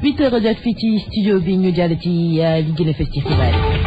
8 h Fiti, studio Big New à Ligue Festival.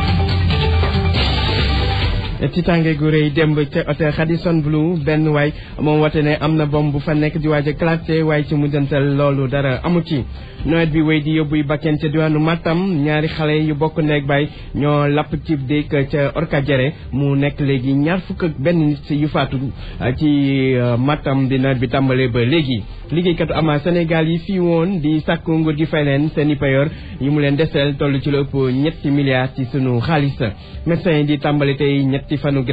ci eh, tànge gu rëy démb ca hôtel Radisson Blu benn waay moom wate ne am na bom bu fa nekk di waaj a classé waaye ci mujjantal loolu dara amu ci nawet bi wéy di yóbbuy bakken ca diwaanu Matam ñaari xale yu bokk neeg bay ñoo lapp ci dëkk ca Orkadiéré mu nekk léegi ñaar fukk ak benn nit yu faatu eh, ci eh, Matam di nawet bi tàmbalee ba léegi liggéeykatu ama Sénégal yi fii woon di sàkku nguur gi fay leen seen i payoor yi mu leen deseel toll ci lu ëpp ñetti milliards ci sunu xaalis médecin yi di tàmbali tey ñett ñetti fanu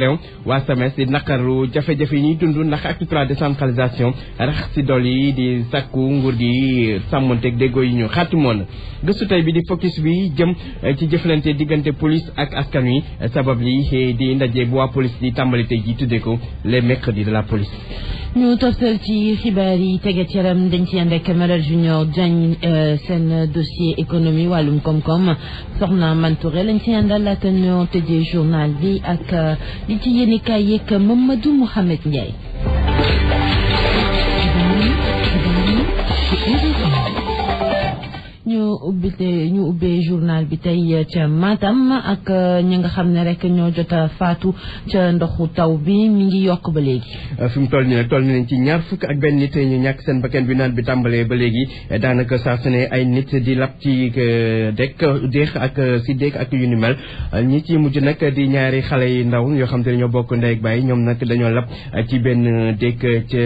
wa waa di nakaru jafé jafé yi ñuy nak ak acte trois décentralisation rax si dol yi di sakku nguur gi sàmmonteeg déggoo yi ñu xaatimoon gëstu tay bi di focus bi jëm eh, ci jëflante diggante police ak askan wi sabab li eh, di ndaje bu police di tàmbali tey ji tuddee ko les mercredis de la police nous toftal ci xibaar yi tegat yaram Malal Junior Diagne eh, sen, dossier économie walum, koom-koom soxna Mantouré lañ ci àndal laata ñoo journal bi ak li ci yéenekaay yeeg Mamadou mohamed, Ndiaye. ñu ubbite ñu ubbee journal bi tey ca Matam ak euh, ñi nga xam ne rek ñoo jot a faatu ca ndoxu taw bi mi ngi yokk ba léegi. Euh, fi mu toll nii nag toll nañ ci ñaar fukk ak benn nit ñu ñàkk seen bakkan bi naan bi tàmbalee ba léegi euh, daanaka saa su ne ay nit di lab ci dekk deex ak si deex ak yu ni mel ñi ci mujj nag di ñaari xale yi ndaw yoo xam te ne ñoo bokk ndey ak baay ñoom nag dañoo lab ci benn dëkk ca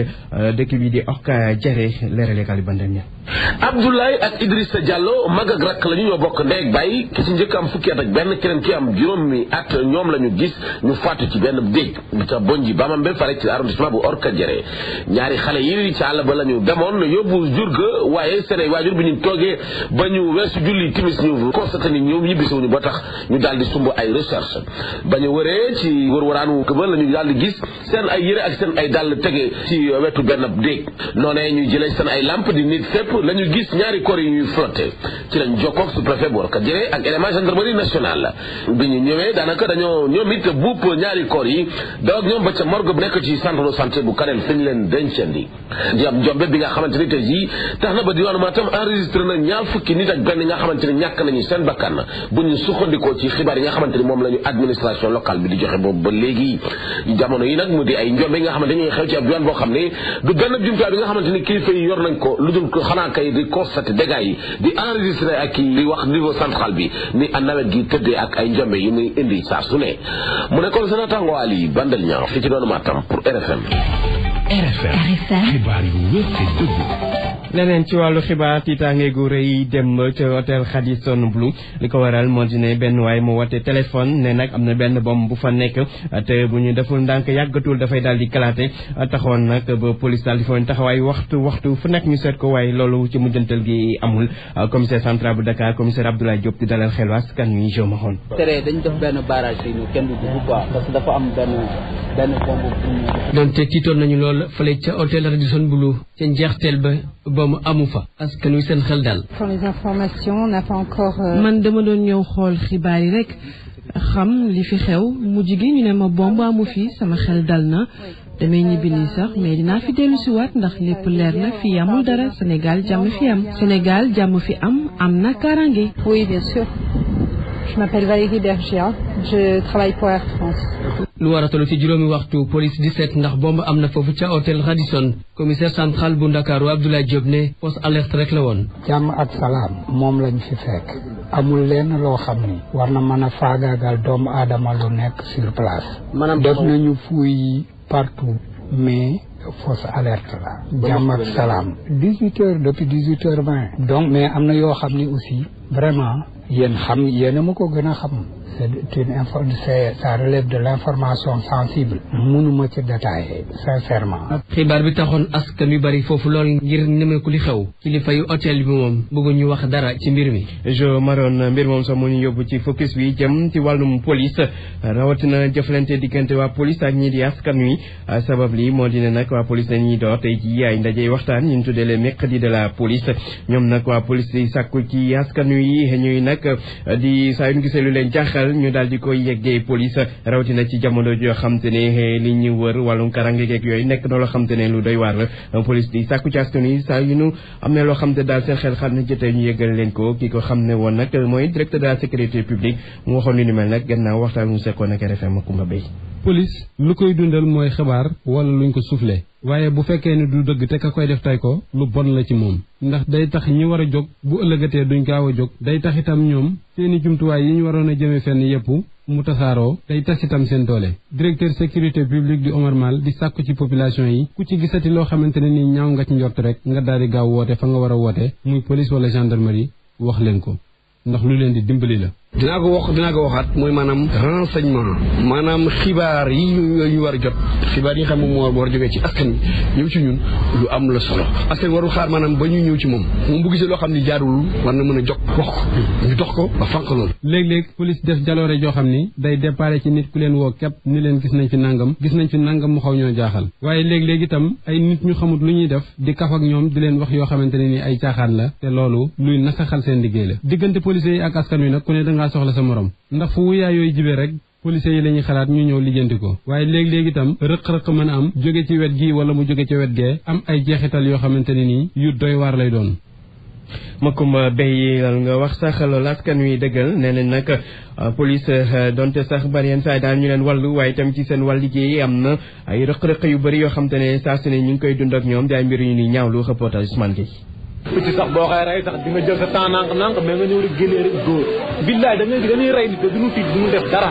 dëkk bi di Orka Jare leerale Kaliba Ndemia. Abdoulaye ak Idrissa Diallo mag ak rakk lañu ñoo bokk ndey ak bàyyi ki ci njëkk am fukki at ak benn keneen ki am juróomi at ñoom lañu gis ñu faatu ci benn déeg bi ca Bondji Bamambé fare ci arrondissement bu Orkadiéré ñaari xale yi ci àll ba lañu demoon yóbbu jur ga waaye seen waajur bi ñu toogee ba ñu weesu julli timis ñu constaté ni ñoom ñibbisewuñu ba tax ñu daal di sumb ay recherche ba ñu wëree ci wërwëraanu këba lañu daal di gis seen ay yëre ak seen ay dàll tege ci wetu benn bu déeg noonee ñu jëlee seen ay lamp la ñu gis ñaari corps yi ci lañ jokkoog su préfet bu Walfadjri ak élément gendarmerie nationale bi ñu ñoom it buup ñaari corps yi ñoom ba ca morgue bu nekk ci centre de santé bu Kanel fi ñu leen bi nga xamante ni ci xibaar yi nga moom la administration locale bi di joxe boobu ba léegi jamono yi nag mu ay njombe yi nga xamante ni xew ci boo xam ne du benn bi nga xamante ni kilifa yi yor nañ ko lu manqué yi di constaté dégâts yi di enregistré ak li wax niveau central bi ni a nawet gi tëddee ak ay njombe yi muy indi saa su ne mu nekkoon seen tàngoo Ali Bandel Niang fi ci doon Matam pour RFM RFM xibaar yu wér te dëgg leneen ci wàllu xibaar tiitaange gu rëy dem ca hôtel Radisson Blu li ko waral moo di ne benn waay mu woote téléphone ne nag am na benn bomb bu fa nekk te bu ñu deful ndànk yàggatul dafay daal di kalaate taxoon nag ba police daal di foon taxawaay waxtu waxtu fu nekk ñu seet ko waaye loolu ci mujjantal gi amul commissaire central bu Dakar commissaire Abdoulaye Diop di dalal xel kan wi Jo Mahone. tere dañ def benn barrage fii ñu kenn du dugg quoi parce que dafa am benn benn bomb bu ñu. donte tiitoon nañu lool fële ca hôtel Radisson Blu ca njeexteel ba. ba amufa amu sen xel dal pour les informations on n'a pas encore. Euh, man dama doon ñëw xool xibaar yi rek xam li fi xew mujj gi ñu ne ma bomb amu fi sama xel dal na. damay ñibbi nii sax mais dinaa fi dellu si waat ndax lépp leer na fii amul dara Sénégal jàmm fi am Sénégal jàmm fi am am na kaaraange. oui bien sûr je m'appelle Valérie Bergia je travaille pour Air France lu war ci juróomi waxtu police 17 ndax bomb am na foofu ca hôtel Radisson commissaire central bu Ndakaaru Abdoulaye Diop ne poste alerte rek la woon. jàmm ak salaam moom lañ fi fekk amul lenn loo xam ni war na mën a faagaagal doomu aadama lu nekk sur place. manam def nañu fuuy partout mais. fausse alerte la. jàmm ak salaam. 18 heures depuis 18 heures 20. donc mais am na yoo xam ni aussi vraiment yéen xam yéen a ma ko gën a xam c'est une info c'est ça relève de l'information sensible mënuma ci détailler sincèrement xibaar bi taxoon askan yu bari foofu lool ngir nemeeku li xew kilifa yu hôtel bi moom bëgguñu wax dara ci mbir mi je maroon mbir moom sax mu ñu yóbbu ci focus bi jëm ci wàllum police rawatina jëflante diggante waa police ak ñii di askan wi sabab li moo di ne nag waa police dañuy door tey ci yaay ndaje waxtaan yi ñu tuddee les mercredis de la police ñoom nag waa police di sàkku ci askan nuy ñuy nag di saa yu ñu gisee lu leen jaaxal ñu daal di koy yeggee police rawatina ci jamono joo xam te ne li ñu wër wàllum karange geeg yooyu nekk na loo xam ne lu doy waar la police di sàkku ci askan wi saa yu ñu am na loo xam te daal seen xel xam ne jotee ñu yeggal leen ko ki ko xam ne woon nag mooy directeur de la sécurité publique mu waxoon lu ni mel nag gannaaw waxtaan mu sekkoon ak RFM Kumba Bay police lu koy dundal mooy xibaar wala luñ ko soufflé waaye bu fekkee ni du dëgg te ka koy def tey ko lu bon la ci moom ndax day tax ñi war a jóg bu ëllëgatee duñ gaaw a jóg day tax itam ñoom seeni jumtuwaay yi ñu waroon a jëme fenn yépp mu tasaaroo day tas itam seen doole directeur sécurité publique di Omar Mal di sàkku ci population yi ku ci gisati loo xamante ne ni ñaaw nga ci njort rek nga daal di gaaw woote fa nga war a muy police wala gendarmerie wax leen ko ndax lu leen di dimbali la dinaa ko wax dinaa ko waxaat mooy maanaam renseignement maanaam xibaar yi ñu ñu war a jot xibaar yi nga xam ne moo war a jógee ci askan bi ñëw ci ñun lu am la solo askan warul xaar maanaam ba ñu ñëw ci moom moom bu loo xam ne jaarul war na mën a jog wax ko dox ko ba fànq loolu léeg-léeg police def jaloore joo xam ni day déparé ci nit ku leen woo képp ni leen gis nañ fi nangam gis nañ fi nangam mu xaw ñoo jaaxal waaye léeg-léeg itam ay nit ñu xamut lu ñuy def di kaf ak ñoom di leen wax yoo xamante ne ni ay caaxaan la te loolu luy nasaxal seen liggéey la diggante policiers yi ak wi nag ku ne dangaa soxla sa morom ndax fu wuyaa yooyu jibee rek policiers yi la ñuy xalaat ñu ñëw lijjanti ko waaye léegi-léegi itam rëq-rëq mën a am jóge ci wet gi wala mu jóge ci wet gee am ay jeexital yoo xamante ne nii yu doy waar lay doon ma ko Macoumba Beye lal nga wax sax loolu askan wi dëggal nee nañ nag euh, police euh, donte sax bari yenn saa yi ñu leen wàllu waaye itam ci seen wàll liggéey am na ay rëq-rëq yu bëri yoo xam te ne saa su ne ñu ngi koy dund ak ñoom di ay mbir yu ñuy ñaawlu reportage Ousmane Gueye picc sax boo koy rey sax di nga jël sa temps nank nank mais nga ñëw rek génnee rek góor billaay da ngay da ngay rey nit te tiit def dara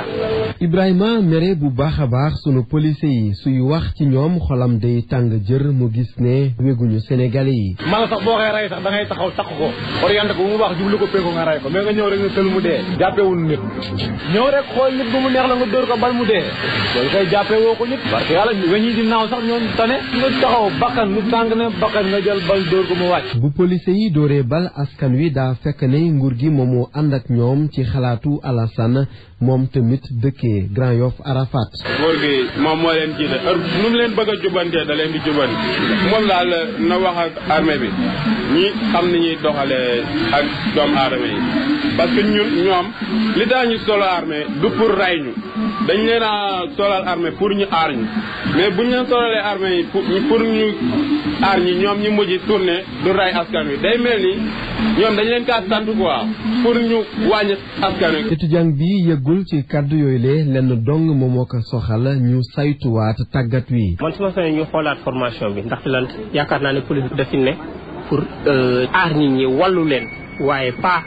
Ibrahima mere bu baax a baax sunu police yi suy wax ci ñoom xolam day tàng jër mu gis ne wéguñu Sénégalais yi mala sax boo koy rey sax da ngay taxaw takk ko orienté ko bu mu baax jublu ko péeko nga rey ko mais nga ñëw rek nga tël mu dee jàppewul nit ñëw rek xool nit bu mu neex la nga dóor ko bal mu dee loolu koy jàppee woo ko nit parce que yàlla weñ yi di naaw sax ñoom tane nga taxaw bakkan mu tàng ne bakkan nga jël bal dóor ko mu wàcc polise yi dooree bal askan wi daa fekk ne nguur gi moom moo ànd ak ñoom ci xalaatu Alassane moom tamit dëkkee Grand Yoff Arafat. góor gi moom moo leen a nu mu leen bëgg a jubbantee da leen di jubbanti moom daal na wax ak armée bi ñi xam ni ñuy doxalee ak doomu aadama yi parce que ñoom li tax ñu solo du pour rey ñu dañ leen a solal armée pour ñu aar ñu mais buñ leen solalee armée yi pour ñu aar ñi ñoom ñu mujj tourné du rey askan wi day mel ni ñoom dañ leen kaa sant quoi pour ñu wàññi askan wi. étudiant bi yëgul àggul ci kàddu yooyu lee lenn dong moom moo ko soxal ñu saytuwaat tàggat wi. man su ma fee ñu xoolaat formation bi ndax lan yaakaar naa ne police bi ne pour euh, aar nit ñi wàllu leen waaye pas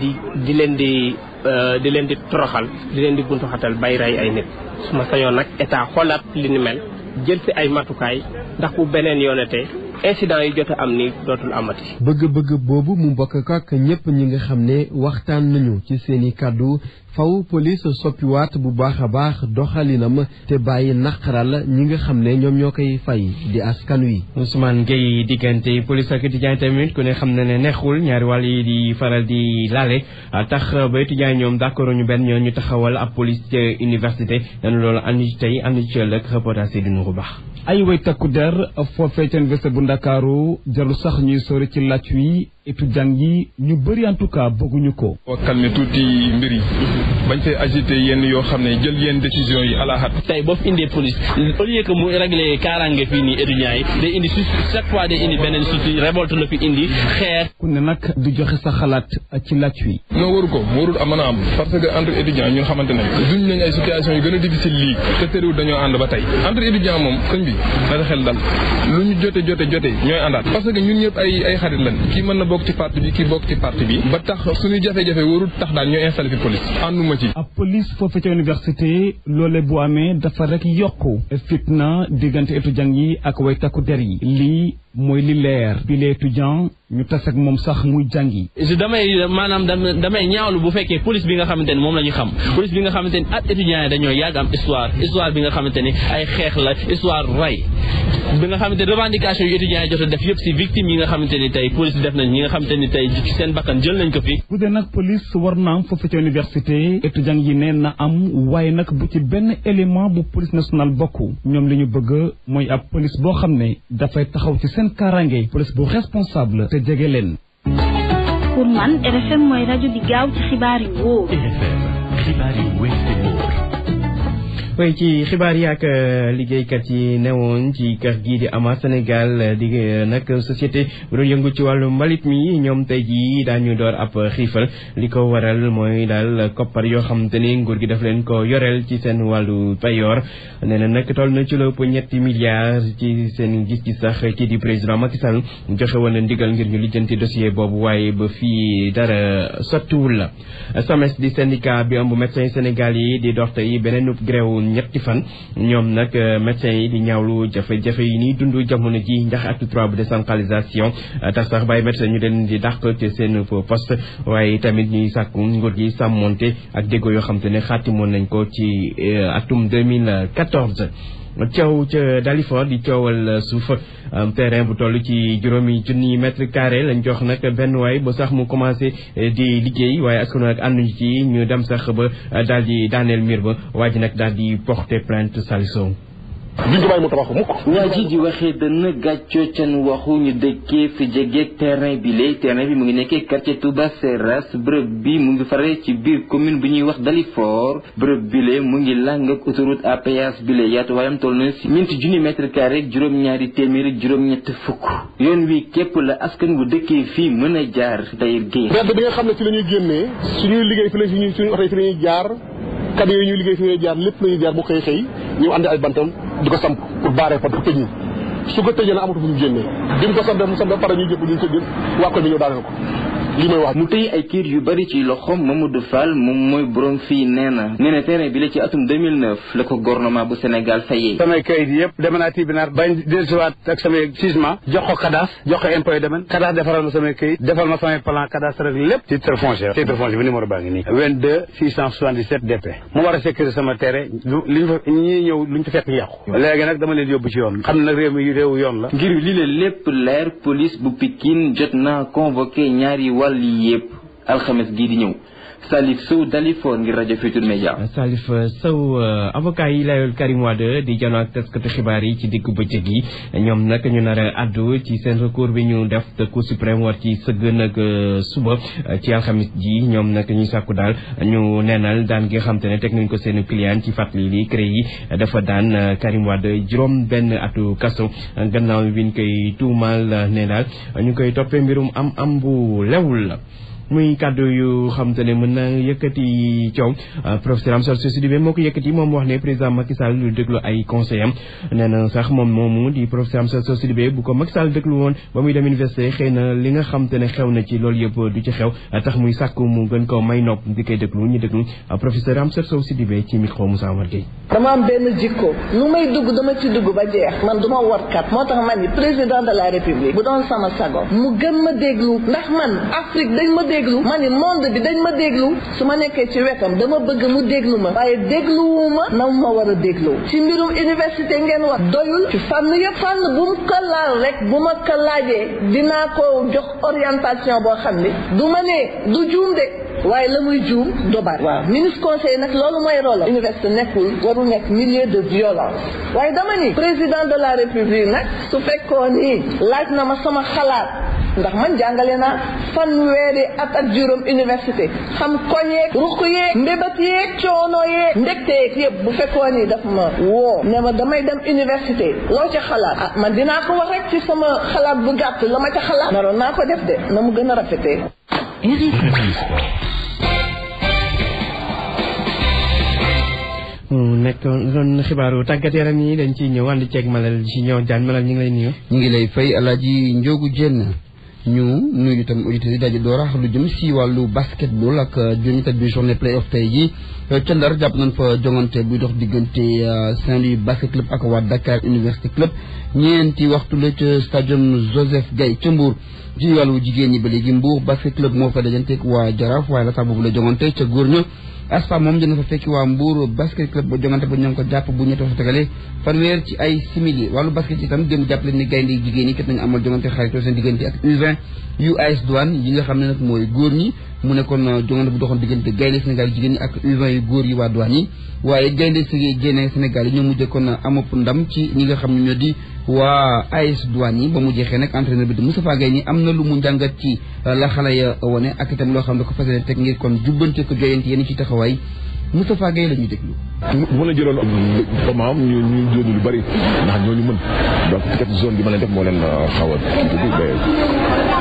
di di leen di euh, di leen di toroxal di leen di buntu xatal bay rey ay nit su ma sañoon nag état xoolaat li ni mel jël si ay matukaay ndax bu beneen yoonatee incident yi jot am ni dootul amati. bëgg-bëgg boobu mu bokk ak ñëpp ñi nga xam ne waxtaan nañu ci seeni kàddu faw police soppiwaat bu baax a baax doxalinam te bàyyi naqaral ñi nga xam ne ñoom ñoo koy fay di askan wi. Ousmane Gueye diggante police ak étudiant tamit ku ne xam na ne nexul ñaari wàll yi di faral di laale tax ba étudiant ñoom d'accord ñu benn ñu taxawal ab police université dañu loolu andi tey andi ci ëllëg reportage yi ñu baax. ay way takku der foofee ca université bu ndakaaru jarlu sax ñuy sori ci làcc wi étudiants yi ñu bëri en tout cas bëgguñu ko. boo calme tuuti mbir yi bañ fee agité yenn yoo xam ne jël yenn décision yi ala xat. tey boo fi indee police au lieu que mu réglé kaaraange fii nii yi day indi su chaque la fi indi xeer. ku ne nag du joxe sa xalaat ci laaj wi. non waru ko warul am mën a am parce que entre étudiants ñun xamante ne duñ nañ ay situation yu gën a difficile lii te teewul dañoo ànd ba tey entre étudiants moom sëñ bi na xel dal lu ñu jote jote jote ñooy àndaat parce que ñun ñëpp ay ay bokk ci parti bi kii bokk ci parti bi ba tax suñu jafe-jafe warul tax daal ñu installé fi police ànduma ci. ab police foofu ca université loole boo amee dafa rek yokku fitna diggante étudiants yi ak way takku der yi lii mooy li leer bi les ñu tas ak moom sax muy jàngi. damay maanaam damay ñaawlu bu fekkee police bi nga xamante ni moom la ñu xam mm. police bi nga ni at yi dañoo yàgg am histoire histoire bi nga xamante ni ay xeex la histoire ray bi nga xamante revendication yu étudiants yi jot def yëpp si victime yi nga xamante ni tey police def nañ ñi nga xamante ni tey seen bakkan jël nañ ko fi. bu dee nag police war na am foofu ca université étudiants yi neen na am waaye nag bu ci benn élément bu police nationale bokk ñoom li ñu bëgg mooy ab police boo xam ne dafay taxaw ci seen kaaraange police bu responsable te jege leen. pour RFM mooy di gaaw ci xibaar yu koy ya eh, ci xibaar yi ak liggéeykat yi newoon ci kër gii di ama Sénégal di nag société bu doon yëngu ci wàllu mbalit mi ñoom tey ji daañu door ab xiifal li ko waral mooy daal koppar yoo xam te ni nguur gi daf leen ko yoreel ci seen wàllu payoor nee na nag toll na ci lépp ñetti milliards ci seen gis-gis sax ci di président Macky Sall joxe woon ndigal ngir ñu lijjanti dossier boobu waaye ba fii dara sottiwul la SAMES di syndicat bi ëmb médecins Sénégal yi di dox tey beneen grève ñetti fan ñoom nag euh, médecins yi di ñaawlu jafe-jafe yi ni dund jamono ji ndax acte trois bu décentralisation euh, tax sax bàyyi médecin ñu leen di dàq ci seen poste waaye tamit ñuy sàkku nguur gi sàmmonte ak déggoo yoo xam te ne xaatimoon nañ ko ci euh, atum 2014 coow ca Dalifort di coowal suuf terrain bu toll ci juróomi junni mètre carré lañ jox nag benn waay ba sax mu commencé di liggéey waaye askan wi nag ànduñu ci ñu dem sax ba daal di daaneel miir ba waa nag daal ñuy porter plainte Saliou duñ ko bàyyi mu tabax mukk waa ji waxee benn gàcco can waxu ñu dëkkee fi jege terrain bi lay terrain bi mu ngi nekkee quartier Touba bërëb bi mu ngi faree ci biir commune bu ñuy wax Dalifort bërëb bi lay mu ngi làng ak autoroute à péage bi lay yaatuwaayam toll na si minti junni mètre carré juróom-ñaari téeméeri juróom-ñett fukk yoon wi képp la askan bu dëkkee fii mën a jaar Tahir Guèye mbedd bi nga xam ne ci la ñuy génnee suñuy liggéey fi la camion yooyu ñuy liggéey fi ñuy jaar lépp lañuy jaar bu xëy xëy ñëw andi ay bantam di ko samp pour baaree fa pour tëj ñu su ko tëjee na amatu bu ñu génnee bi mu ko samp mu samp pare ñu jëpp ñu tëj waa ko mi ñëw daaneel ko li may wax mu tey ay kër yu bari ci loxom Mamadou Fall moom mooy borom fii nee na nee na terrain bi la ci atum 2009 la ko gouvernement bu Sénégal fayé sama kayit yëpp dama naa tribunal bañ dellusiwaat ak sama jugement jox ko kadaas jox ko impôt domaine kadaas defaral ma sama kayit defal ma sama plan cadastre rek lépp titre foncier titre foncier bi numéro baa ngi nii 22 677 DP mu war a sécuriser sama terrain li ñu ñi ñëw lu ñu fekk yàqu léegi nag dama leen yóbbu ci yoon xam na réew mi réewu yoon la ngir li le lépp leer police bu Pikine jot naa convoqué ñaari wàll yi yëpp alxames gii di ñëw Salif Sow Dalifor ngir rajo Futur Media. Euh, Salif euh, Sow euh, avocat yi layul Karim Wade di janoo ak taskatu xibaar yi ci diggu bëccëg yi ñoom nag ñu nar a àddu ci seen recours bi ñu def te Cour suprême war ci sëgg nag suba ci alxamis ji ñoom nag ñu sàkku daal ñu neenal daan gi nga xam ne teg nañ ko seen client ci fàttali li CREI dafa daan Karim Wade juróom benn atu kaso gannaaw bi ñu koy tuumaal ne daal ñu koy toppee mbirum am am bu lewul la muy kàddu yu xam tane mën na yëkkati coow professeur Amsatou Sow Sidibé moo ko yëkkati moom wax ne président Macky Sall lu déglu ay conseil am nee na sax moom moomu di professeur Amsatou di Sidibé bu ko Macky Sall déglu woon ba muy dem université xëy na li nga xam tane xew na ci loolu yëpp du ci xew tax muy sàkku mu gën ko may nopp di koy déglu ñu déglu professeur Amsatou di Sidibé ci micro Moussa Amar Gueye dama am benn jikko lu may dugg dama ci dugg ba jeex man duma kat moo tax man ni président de la république bu doon sama sago mu gën ma déglu ndax man Afrique dañ ma dégg déglu ma ni monde bi dañ ma déglu su ma nekkee ci wetam dama bëgg mu déglu ma waaye dégluwu ma na ma war a dégloo ci mbirum université ngeen wax doyul ci fànn yëpp fànn bu mu ko laal rek bu ma ko laajee dinaa ko jox orientation boo xam ni du ma ne du juum de waaye la muy juum du bari waaw ministre conseil nag loolu mooy rôle université nekkul waru nekk milieu de violence waaye dama ni président de la république nag su fekkoon ni laaj na ma sama xalaat ndax man jàngale naa fanweeri at ak juróom université xam koñ ruq yeeg mbébat yeeg coono yeeg mbégte yeeg yëpp bu fekkoon ni daf ma woo ne ma damay dem université loo ah rek ci sama xalaat bu gàtt la ma ca xalaat naa ko def de na mu gën a rafetee mu nekk doon xibaaru tàggat yaram yi dañ ñëw ànd ceeg Malal ci ñëw jaan Malal ñu ngi lay nuyu. ñu ngi lay fay Alaaji Njóogu Jeen ñu nuyu itam auditeurs yi daje doorax lu jëm si wàllu basketball ak euh, juróomi tat bi journée play off tey jii euh, ca Ndar jàpp nañ fa jongante buy dox diggante euh, Saint-Louis basket club ak waa Dakar Université Club ñeenti waxtu la ca stadium Joseph Gaye ca Mbour ci wàllu jigéen ñi ba léegi Mbour basket club moo fa dajanteeg waa Jaraaf waaye laata boobu la jongante ca góor ña ASFA moom dina fa fekki waa Mbour basket club ba jongante ba ñoo ko jàpp bu ñetti waxtu tegale fanweer ci ay simili wàllu basket yi itam dem jàppale ni gaynde jigéen yi kat nañu amal jongante xaritoo diggante ak u US douane yi nga xam ne nag mooy góor mu nekkoon euh, jongante bu doxoon diggante gaynde Sénégal yi jigéen ñi ak U20 góor yi waa douane yi waaye gaynde gaynde Sénégal yi ñoo mujjekkoon euh, amop ndam ci ñi nga xam ne ñoo di waa AS douane yi ba mu jeexee nag entraîneur bi di Moustapha Gaye ni am na lu mu njàngat ci euh, la xale ya wone ak itam loo xam ne ko fasale teg ngir kon jubbante ko joyante yéen ci taxawaay Moustapha Gueye la ñuy déglu. mën a jëloon am ñu ñu lu bari ndax ñooñu mën donc peut-être zone bi ma leen def moo leen euh, xaw a kii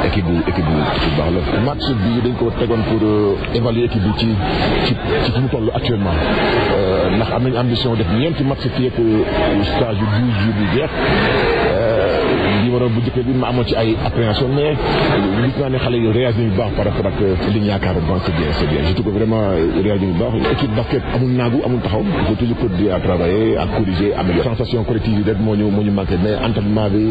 équipe bu équipe bu baax la. match bi dañ ko tegoon pour euh, évaluer équipe bi ci ci mu toll actuellement euh, ndax am nañu ambition def ñeenti match fii ak stage yu douze jours yu li waral bu njëkk bi ma amoon ci ay appréhension mais gis naa ne xale yi réagir bu baax par rapport ak euh, li ñu yaakaar bu baax c'est bien c'est bien je trouve vraiment euh, réagir bu baax équipe basket amul naagu amul taxaw il faut toujours continuer à travailler à corriger améliorer sensation collective yi rek moo ñu moo ñu manqué mais entraînement bi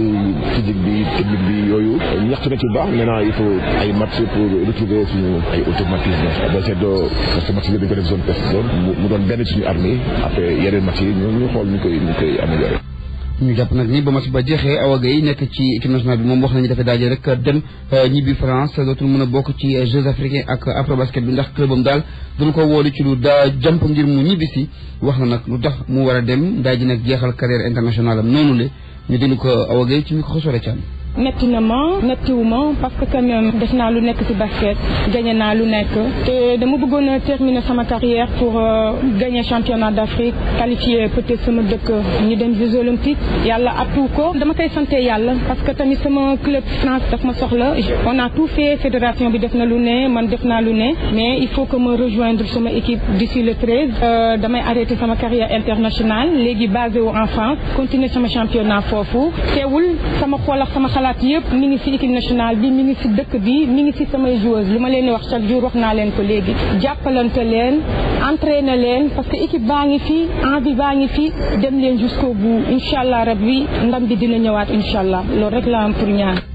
physique bi technique bi yooyu ñaxtu na ci bu baax maintenant il faut ay match pour retrouver suñu ay automatisme boo seetloo parce que match bi dañ ko def zone test zone mu doon benn suñu armée après yeneen match yi ñu xool ñu koy ñu koy améliorer ñu jàpp nag ni ba match ba jeexee Awa Gueye nekk ci équipe bi moom wax nañu dafa daaje rek dem euh, ñibbi France dootul mën a bokk ci euh, Jeux africains ak Afrobasket bi ndax clubam daal duñu ko woolu ci lu daa jàmp ngir mu ñibbi si wax na nag lu tax mu war a dem daa ji nag jeexal carrière internationale am noonu le ñu déglu ko Awa Gueye ci micro Sore Thiam métti na parce que quand même def naa lu nekk ci basket gagné naa lu nekk te dama bëggoon terminer sama carrière pour euh, gagner championnat d'Afrique qualifier peut-être sama dëkk ñu dem Jeux olympiques yàlla attu ko dama koy sante yàlla parce que tamit sama club France daf ma soxla on a tout fait fédération bi def na lu ne man def naa lu ne mais il faut que ma rejoindre sama équipe d'ici le 13 euh, damay arrêter sama carrière internationale léegi basé wu en France continuer sama championnat foofu teewul sama xool ak sama xalaat xalaat yëpp mi ngi si équipe nationale bi mi ngi ci dëkk bi mi ngi ci samay joueurs li ma leen di wax chaque jour wax naa leen ko léegi jàppalante leen na leen parce que équipe baa ngi fi envie baa ngi fi dem leen jusqu'au bout incha allah rabbi ndam bi dina ñëwaat incha allah loolu rek la am pour ñaan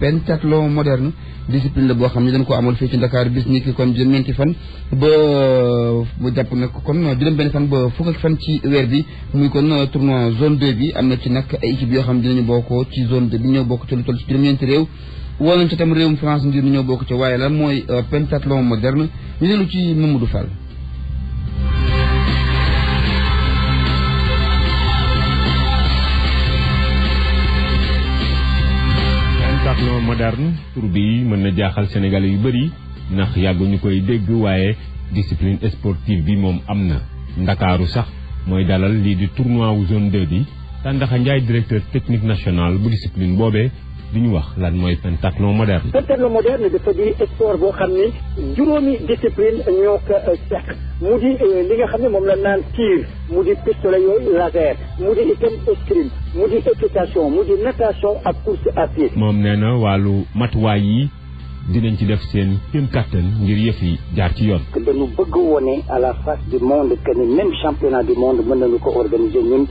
pentathlon moderne discipline la boo xam ne dañ ko amal fii ci Dakar bis ni ki kon juróom-ñeenti fan ba fukk fan ci weer bi muy kon tournoi zone 2 bi am na ci nag ay équipe yoo xam ne dinañu bokkoo ci zone 2 bi ñoo bokk ci lu toll ci juróom-ñeenti réew woo ci tam réewum France ngir ñoo bokk ci waaye la mooy euh, pentathlon moderne ñu dellu ci Mamadou Fall techno moderne tur bi mën na jaaxal sénégalais yu bëri ndax yàgg ñu koy dégg waaye discipline sportive bi moom am na ndakaaru sax mooy dalal lii di tournoi wu zone 2 bi Tandaxa Ndiaye directeur technique national bu discipline boobee du ñu wax lan mooy pentathlon moderne. pentathlon moderne dafa di sport boo xam ne juróomi discipline ñoo ko euh, mu di euh, li nga xam ne moom la naan tir mu di pistolet yooyu laser mu di itam escrime mu di équitation mu di natation ak course à pied. moom nee na wàllu matuwaay yi. dinañ ci def seen ngir yi jaar ci yoon. que dañu bëgg à la face du monde que même championnat du monde mën ko organiser ñun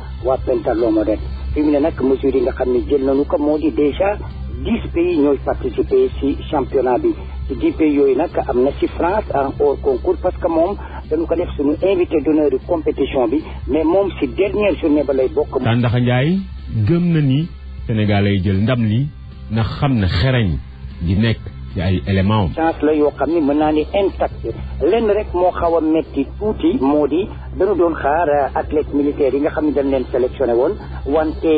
yi nga jël déjà dix pays ñooy participer ci championnat bi ci dix pays France en hors concours parce que dañu ko invité de compétition mais moom ci dernière journée ba lay na ni jël ci ay élément am chance la yoo xam ne mën naa ne intact lenn rek moo xaw a metti tuuti moo di dañu doon xaar athlète militaire yi nga xam ne dañ leen sélectionné woon wante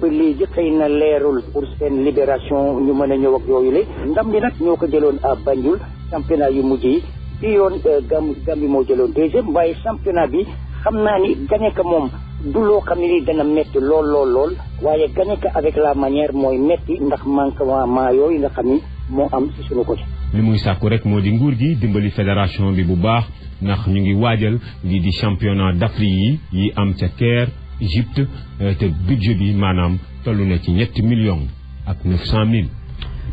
ba léegi xëy na leerul pour seen libération ñu mën a ñëw ak yooyu le ndam bi nag ñoo ko jëloon à Banjul championnat yu mujj yi bi yoon gam gam bi moo jëloon deuxième waaye championnat bi xam naa ni gagné ko moom du loo xam ne ni dana metti lool lool lool waaye gagné ko avec la manière mooy metti ndax manquement yooyu nga xam ni moo am si suñu côté. li muy sàkku rek moo di nguur gi dimbali fédération bi bu baax ndax ñu ngi waajal li di championnat d'Afrique yi yi am ca Caire Égypte euh, te budget bi maanaam tollu na ci ñetti millions ak neuf cent mille.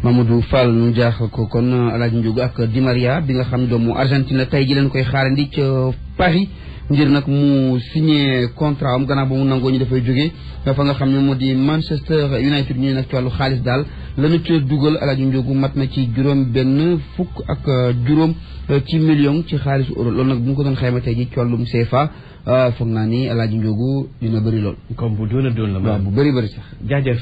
Mamadou Fall ñu jaax ko kon El Hadj ak Di Maria bi nga xam doomu Argentine tey ji leen koy xaarandi ca Paris ngir nak mu signé contrat am gannaaw ba mu nangoo ñu dafay jógee fa nga xam ne moo di Manchester United ñu nag ci wàllu xaalis daal. lañu ci duggal alaaji njogu mat na ci juróom benn fukk ak euh, juróom euh, ci million ci xaalisu euro loolu nag bu ñu ko doon xayma tey ji ci wàllum CFA euh, foog naa ni alaaji njogu dina bëri lool. comme bu doon a doon la. waaw bu bëri bëri sax jaajëf.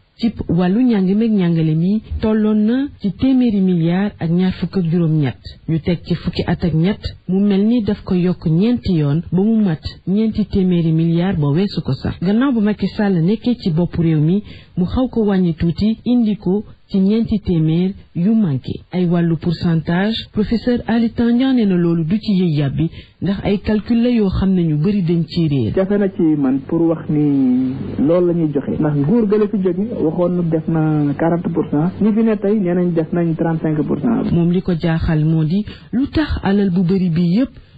ci wàllu njàng meeg njàngale mi tolloon na ci téeméeri milliards ak ñaar fukk ak juróom-ñett ñu teg ci fukki at ak ñett mu mel ni daf ko yokk ñeenti yoon ba mu mat ñeenti téeméeri milliards ba weesu ko sax gannaaw ba Macky Sall nekkee ci bopp réew mi mu xaw ko wàññi tuuti indi ko ci ñeenti téeméer yu manqué ay wàllu pourcentage professeur Ali Tandian nee na loolu du ci yëy yàbbi ndax ay calcul la yoo xam ne ñu bëri dañ ci réer jafe na ci man pour wax ni loolu la ñuy joxe ndax nguur gële fi jóge waxoon def na quarante pour cent ñi fi ne tey nee nañ def nañ trente cinq pour cent moom li ko jaaxal moo di lu tax alal bu bëri bi yëpp